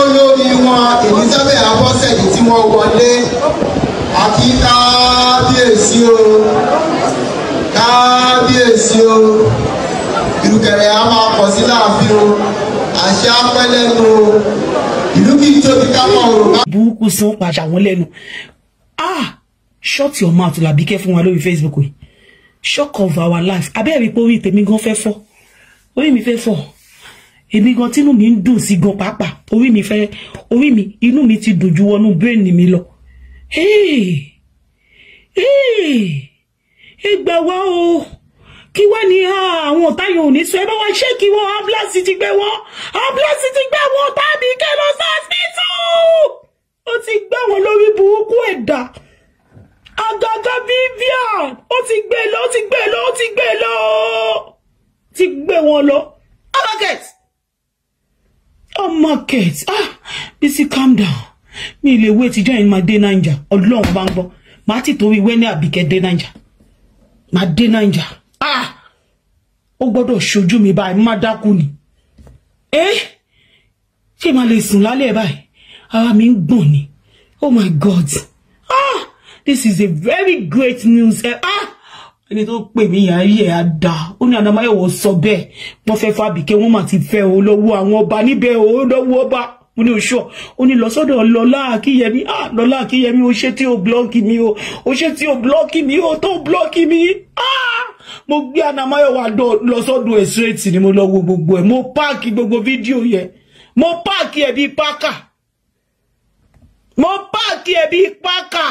olórí wọn Elizabeth Abọ́sẹ̀dé tí wọ́n wọlé àti kábíyèsí o kábíyèsí o ìrùkẹ̀rẹ̀ a máa pọ̀ sí láàfin o àṣẹ apẹ́lẹ́nu o ìlú kìí tóbi kápọ̀ òrùka. burúkú sí wọn pàṣẹ àwọn lẹ́nu ah shut your mouth làbíkẹ́ fún wa lórí Facebook yìí shock of our life abẹ́rẹ́ pé orí tèmi gan fẹ́ fọ́ orí mi fẹ́ fọ́ èmi gan tínú mi ń dùn sí gan pàápàá orí mi fẹ́ orí mi inú mi ti dùn ju wọnú bírèèni mi lọ ìgbà wa o kí wá ní àwọn táyọ̀ òní sọ ẹ bá wá ṣé kí wọ́n ambulance ti gbé wọ́n ambulance ti gbé wọ́n tàbí kẹ́ lọ sí hospital ó ti gbé wọn lórí burúkú ẹ̀dá àgàgà Vivian ó ti gbé lọ ó ti gbé lọ ó ti gbé lọ ó ti gbé wọn lọ. Advocate market ah Bisi, calm down mi lè wé tíjọ́ yẹn máa dé naija ọlọ́run bá ń gbọ́ to ti torí wẹ́ni àbíkẹ́ day naija màá day naija ah O gbọ́dọ̀ ṣojú mi báyìí má dákú ni eh ṣé màá lè sùn lálẹ́ báyìí ara mi ń ni oh my god ah this is a very great news eh, ah ẹni tó pè mí yàn ayé ẹ̀ á da ó ní adamáyẹ̀wò sọ bẹ́ẹ̀ wọ́n fẹ́ fàbíkẹ́ wọ́n mà ti fẹ́ o lọ́wọ́ àwọn ọba níbẹ̀ o lọ́wọ́ ọba mo ní oṣù ó ní lọ́sọ́dọ̀ lọ́lá akíyẹmí ah lọ́lá akíyẹmí o ṣé tí o blọ́ọ̀kì mi o o ṣé tí o blọ́ọ̀kì mi o tó blọ́ọ̀kì mi ah mo gbé adamáyẹ̀wò àdó lọ́sọ́dọ̀ ẹ̀ sírètì ni mo lọ wo gbogbo ẹ̀ mo páàkì gbogbo fídíò yẹn mo páàkì ẹ̀ bíi páàkà mo páàkì ẹ̀ bíi páàkà